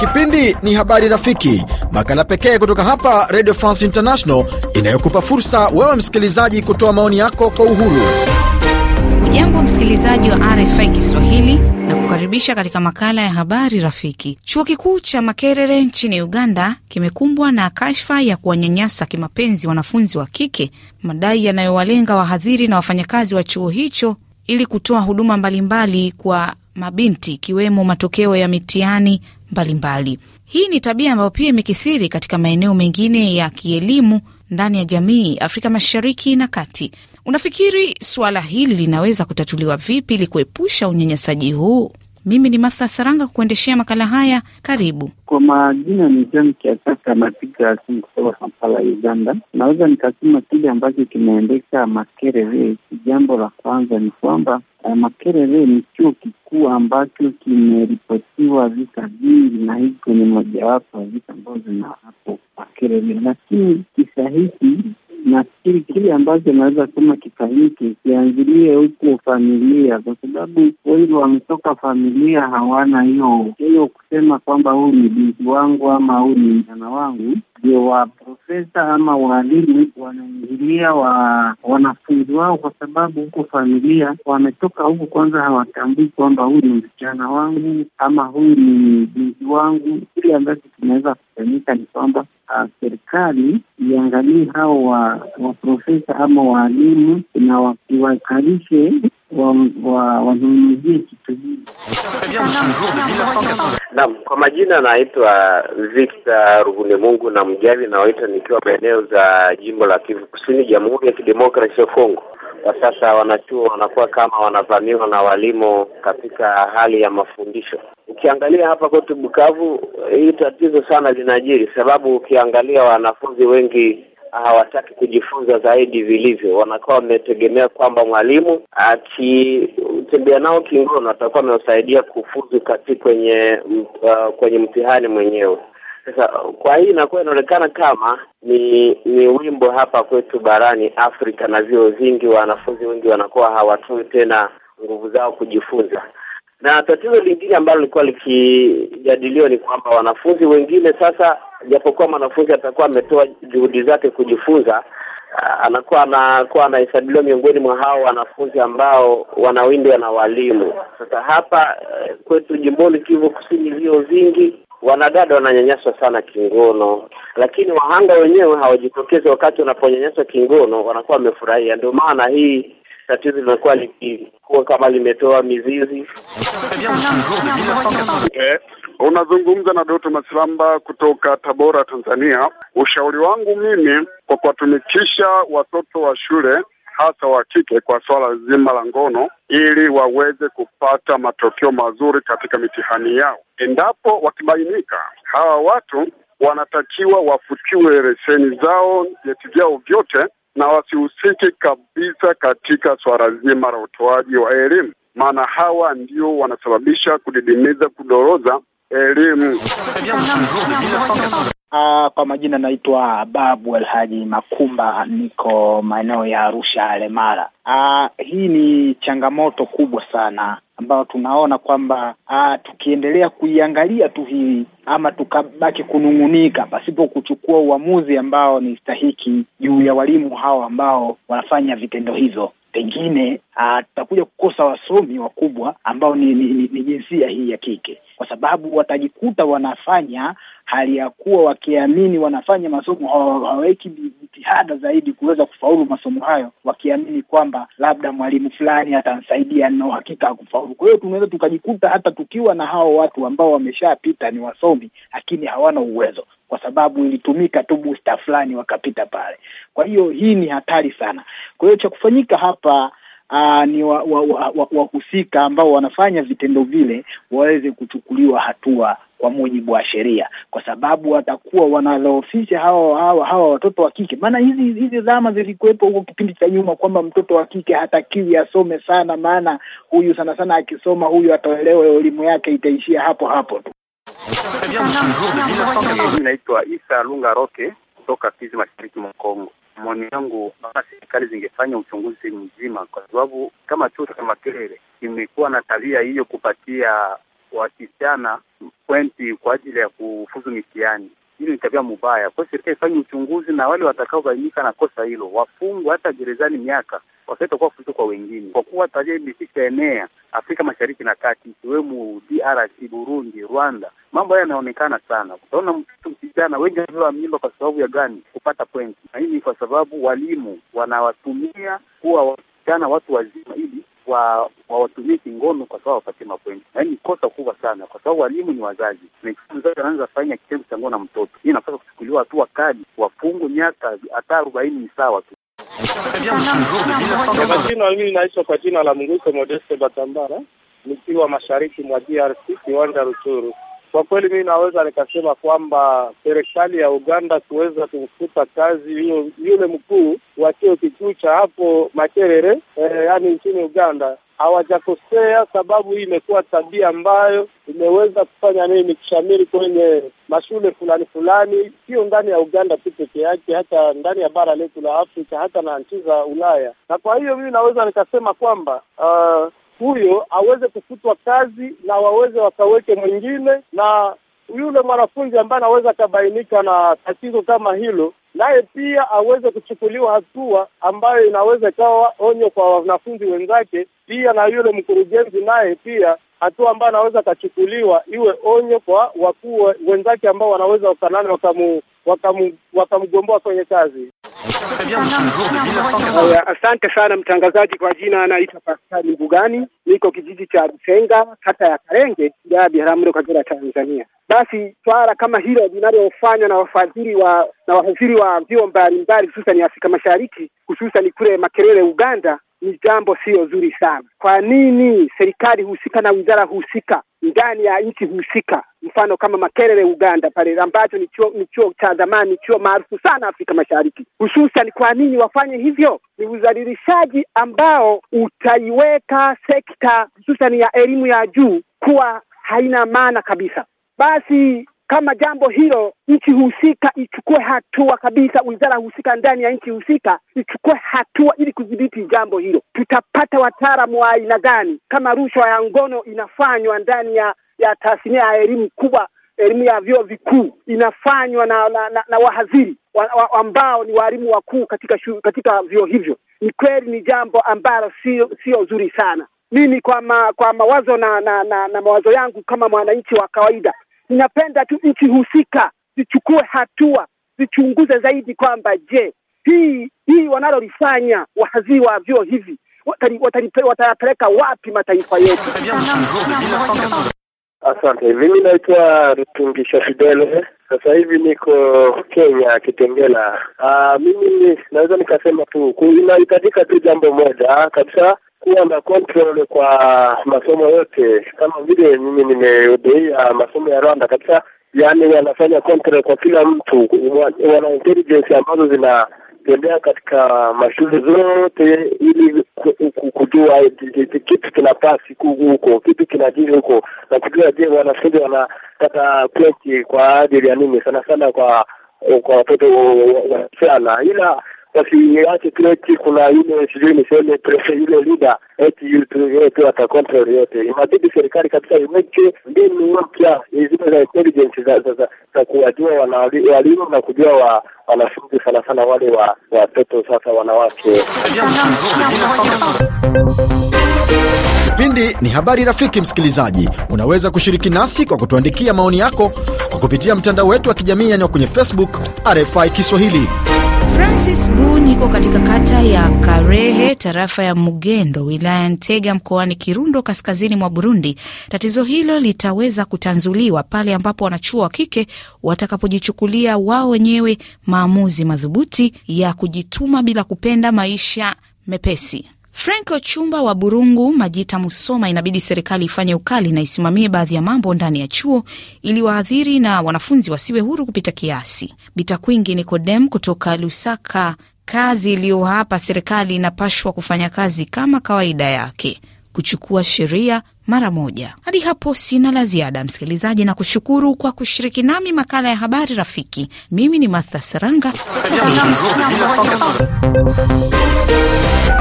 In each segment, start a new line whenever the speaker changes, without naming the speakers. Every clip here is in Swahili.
Kipindi ni Habari Rafiki, makala pekee kutoka hapa Radio France International inayokupa fursa wewe msikilizaji kutoa maoni yako kwa uhuru.
ujambo msikilizaji wa RFI Kiswahili na kukaribisha katika makala ya habari rafiki. Chuo kikuu cha Makerere nchini Uganda kimekumbwa na kashfa ya kuwanyanyasa kimapenzi wanafunzi wa kike, madai yanayowalenga wahadhiri na wafanyakazi wa chuo hicho ili kutoa huduma mbalimbali kwa mabinti ikiwemo matokeo ya mitihani mbalimbali. Hii ni tabia ambayo pia imekithiri katika maeneo mengine ya kielimu ndani ya jamii Afrika Mashariki na Kati. Unafikiri suala hili linaweza kutatuliwa vipi ili kuepusha unyanyasaji huu? Mimi ni Martha Saranga kuendeshea makala haya. Karibu. Kwa
majina ni John Kiasaka napiga Asimu kutoka Kampala, Uganda. Naweza nikasema kile ambacho kimeendeka Makerere, jambo la kwanza ni kwamba uh, Makerere ni chuo kikuu ambacho kimeripotiwa visa vingi, na hii kwenye mojawapo ya visa ambazo zina hapo Makerere, lakini kisa hiki nafikiri kile ambacho naweza kusema kifanyike, kianzilie huko familia, kwa sababu wengi wametoka familia hawana hiyo hiyo kusema kwamba huu ni binti wangu ama huu ni mjana wangu. Ndio waprofesa ama waalimu wanaingilia wa wanafunzi wao, kwa sababu huko familia wametoka huku kwanza hawatambui kwamba huu ni msichana wangu ama huyu ni binti wangu. Kile ambacho kinaweza kufanyika ni kwamba ah, serikali wajiangalie hao wa waprofesa ama waalimu na wakiwakalishe wanunuzie kitu hii.
Naam, kwa majina naitwa Victor Rugunemungu na mjali naoita nikiwa maeneo za jimbo la Kivu Kusini, Jamhuri ya Kidemokrasia ya Kongo. Kwa sasa wanachuo wanakuwa kama wanavamiwa na walimu katika hali ya mafundisho. Ukiangalia hapa kwetu Bukavu, hili tatizo sana linajiri, sababu ukiangalia wanafunzi wengi hawataki kujifunza zaidi vilivyo, wanakuwa wametegemea kwamba mwalimu akitembea nao kingono atakuwa amewasaidia kufuzu kati kwenye uh, kwenye mtihani mwenyewe. Sasa kwa hii inakuwa inaonekana kama ni ni wimbo hapa kwetu barani Afrika, na vio vingi wanafunzi wengi wanakuwa hawatoi tena nguvu zao kujifunza. Na tatizo lingine ambalo lilikuwa likijadiliwa ni kwamba wanafunzi wengine sasa, japokuwa mwanafunzi atakuwa ametoa juhudi zake kujifunza, anakuwa anakuwa anahesabiliwa miongoni mwa hao wanafunzi ambao wanawindwa na walimu. Sasa hapa eh, kwetu jimboni Kivu Kusini, vio vingi Wanadada wananyanyaswa sana kingono, lakini wahanga wenyewe hawajitokezi. Wakati wanaponyanyaswa kingono, wanakuwa wamefurahia. Ndio maana hii tatizo limekuwa likikuwa kama limetoa mizizi.
Eh, unazungumza na Doto Masilamba kutoka Tabora, Tanzania. Ushauri wangu mimi kwa kuwatumikisha watoto wa shule hasa wa kike kwa suala zima la ngono ili waweze kupata matokeo mazuri katika mitihani yao. Endapo wakibainika, hawa watu wanatakiwa wafutiwe leseni zao, vyeti vyao vyote, na wasihusike kabisa katika suala zima la utoaji wa elimu, maana hawa ndio wanasababisha kudidimiza, kudoroza elimu.
Ah, kwa majina naitwa Babu Alhaji Makumba, niko maeneo ya Arusha Lemara. Ah, hii ni changamoto kubwa sana ambayo tunaona kwamba ah, tukiendelea kuiangalia tu hii ama tukabaki kunung'unika pasipo kuchukua uamuzi ambao ni stahiki juu ya walimu hao ambao wanafanya vitendo hivyo pengine ah, tutakuja kukosa wasomi wakubwa ambao ni, ni, ni, ni jinsia hii ya kike kwa sababu watajikuta wanafanya hali ya kuwa wakiamini wanafanya masomo, hawaweki jitihada zaidi kuweza kufaulu masomo hayo, wakiamini kwamba labda mwalimu fulani atamsaidia na uhakika ya kufaulu. Kwa hiyo tunaweza tukajikuta hata tukiwa na hao watu ambao wameshapita ni wasomi, lakini hawana uwezo kwa sababu ilitumika tu booster fulani wakapita pale. Kwa hiyo hii ni hatari sana. Kwa hiyo cha kufanyika hapa aa, ah, ni wahusika wa, wa, wa ambao wanafanya vitendo vile waweze kuchukuliwa hatua kwa mujibu wa sheria, kwa sababu watakuwa wanadhoofisha hawa hawa hawa watoto wa kike. Maana hizi hizi dhama zilikuwepo huko kipindi cha nyuma kwamba mtoto wa kike hatakiwi asome sana, maana huyu sana sana akisoma huyu ataelewa, elimu yake itaishia hapo hapo tu.
Naitwa Isa Lunga Roke kutoka Fizi, mashariki mwa Kongo maoni yangu, mpaka serikali zingefanya uchunguzi mzima, kwa sababu kama chuo cha Makerere imekuwa na tabia hiyo kupatia wasichana pointi kwa ajili ya kufuzu mitihani. Hili ni tabia mubaya, kwa serikali ifanye uchunguzi na wale watakaobainika na kosa hilo wafungwe hata gerezani miaka wasitakuwa fuzo kwa wengine, kwa kuwa tabia imefika enea Afrika Mashariki na Kati, ikiwemo DRC, Burundi, Rwanda. Mambo haya yanaonekana sana, utaona mtu wasichana wengi wamebeba mimba kwa sababu ya gani? Kupata pointi. Na hii ni kwa sababu walimu wanawatumia kuwa wasichana watu wazima ili wa wawatumie kingono kwa sababu wapate mapoint. Na hii ni kosa kubwa sana, kwa sababu walimu ni wazazi, na mzazi anaanza fanya kitendo cha ngono na mtoto, hii inapaswa kuchukuliwa hatua kali, wafungu miaka hata arobaini. Ni sawa tu. mimi kwa jina la Mnguso Modeste Batambara, nikiwa mashariki mwa DRC, kiwanja Ruchuru. Kwa kweli mimi naweza nikasema kwamba serikali ya Uganda kuweza kumfuta kazi yu, yule mkuu wa chuo kikuu cha hapo Makerere eh, yaani nchini Uganda hawajakosea, sababu hii imekuwa tabia ambayo imeweza kufanya nini kushamiri kwenye mashule fulani fulani, sio ndani ya Uganda tu peke yake, hata ndani ya bara letu la Afrika, hata na nchi za Ulaya. Na kwa hiyo mimi naweza nikasema kwamba uh, huyo aweze kufutwa kazi na waweze wakaweke mwingine, na yule mwanafunzi ambaye anaweza akabainika na tatizo kama hilo naye pia aweze kuchukuliwa hatua ambayo inaweza ikawa onyo kwa wanafunzi wenzake, pia na yule mkurugenzi naye pia hatua ambayo anaweza akachukuliwa iwe onyo kwa wakuu wenzake ambao wanaweza wakanani wakamu wakamgomboa kwenye kazi.
Asante sana mtangazaji. Kwa jina anaitwa Paskali Mbugani, niko kijiji cha Rusenga, kata ya Karenge, wilaya ya Biharamulo, Kagera, Tanzania. Basi swala kama hilo linalofanywa na wafadhili wa na wafadhili wa vio vyuo mbalimbali hususani Afrika Mashariki, hususani kule Makerere Uganda, ni jambo siyo zuri sana. Kwa nini serikali husika na wizara husika ndani ya nchi husika, mfano kama Makerere Uganda pale ambacho ni chuo cha zamani, ni chuo maarufu sana Afrika Mashariki hususan, kwa nini wafanye hivyo? Ni udhalilishaji ambao utaiweka sekta hususani ya elimu ya juu kuwa haina maana kabisa. Basi kama jambo hilo, nchi husika ichukue hatua kabisa, wizara husika ndani ya nchi husika ichukue hatua ili kudhibiti jambo hilo. Tutapata wataalamu wa aina gani kama rushwa ya ngono inafanywa ndani ya ya tasnia ya elimu kubwa, elimu ya vyuo vikuu inafanywa na, na, na, na wahadhiri wa, wa, ambao ni walimu wakuu katika shu, katika vyuo hivyo. Ni kweli ni jambo ambalo sio sio zuri sana. Mimi kwa ma, kwa mawazo na, na, na, na mawazo yangu kama mwananchi wa kawaida Ninapenda tu nchi husika zichukue hatua, zichunguze zaidi kwamba je, hii hii wanalolifanya wahazii wa vyo hivi watayapeleka wapi mataifa yetu?
Asante. Mimi naitwa rutungisha Fidele, sasa hivi niko Kenya, Kitengela. Ah, mimi naweza nikasema tu inahitajika tu jambo moja kabisa kuwa na control kwa masomo yote, kama vile mimi nimehudhuria masomo ya Rwanda kabisa, yaani wanafanya control kwa kila mtu, wana intelligence ambazo zinatembea katika mashule zote, ili kujua kitu kinapaa siku huko, kitu kinajiri huko, na kujua je, wanafunzi wanapata kwa ajili ya nini, sana sana kwa kwa watoto wasichana ila asiliache kile eti kuna ile sijui niseme ile lida eti yetu atakontra yote. Inabidi serikali kabisa iweke mbinu mpya zile za intelligence za za kuwajua walimu na kujua wanafunzi, sana sana wale wa watoto sasa wanawake.
Kipindi ni habari. Rafiki msikilizaji, unaweza kushiriki nasi kwa kutuandikia maoni yako kwa kupitia mtandao wetu wa kijamii, yaani kwenye Facebook RFI Kiswahili.
Francis Bun iko katika kata ya Karehe, tarafa ya Mugendo, wilaya Ntega, mkoani Kirundo, kaskazini mwa Burundi. Tatizo hilo litaweza kutanzuliwa pale ambapo wanachuo wa kike watakapojichukulia wao wenyewe maamuzi madhubuti ya kujituma bila kupenda maisha mepesi. Franco Chumba wa Burungu Majita Musoma, inabidi serikali ifanye ukali na isimamie baadhi ya mambo ndani ya chuo ili waadhiri na wanafunzi wasiwe huru kupita kiasi. Bitakwingi Nikodem kutoka Lusaka, kazi iliyo hapa serikali inapashwa kufanya kazi kama kawaida yake kuchukua sheria mara moja. Hadi hapo sina la ziada, msikilizaji, na kushukuru kwa kushiriki nami makala ya habari rafiki. Mimi ni Martha Saranga.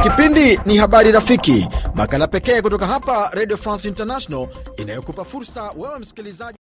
Kipindi ni habari rafiki, makala pekee kutoka hapa Radio France
International inayokupa fursa wewe msikilizaji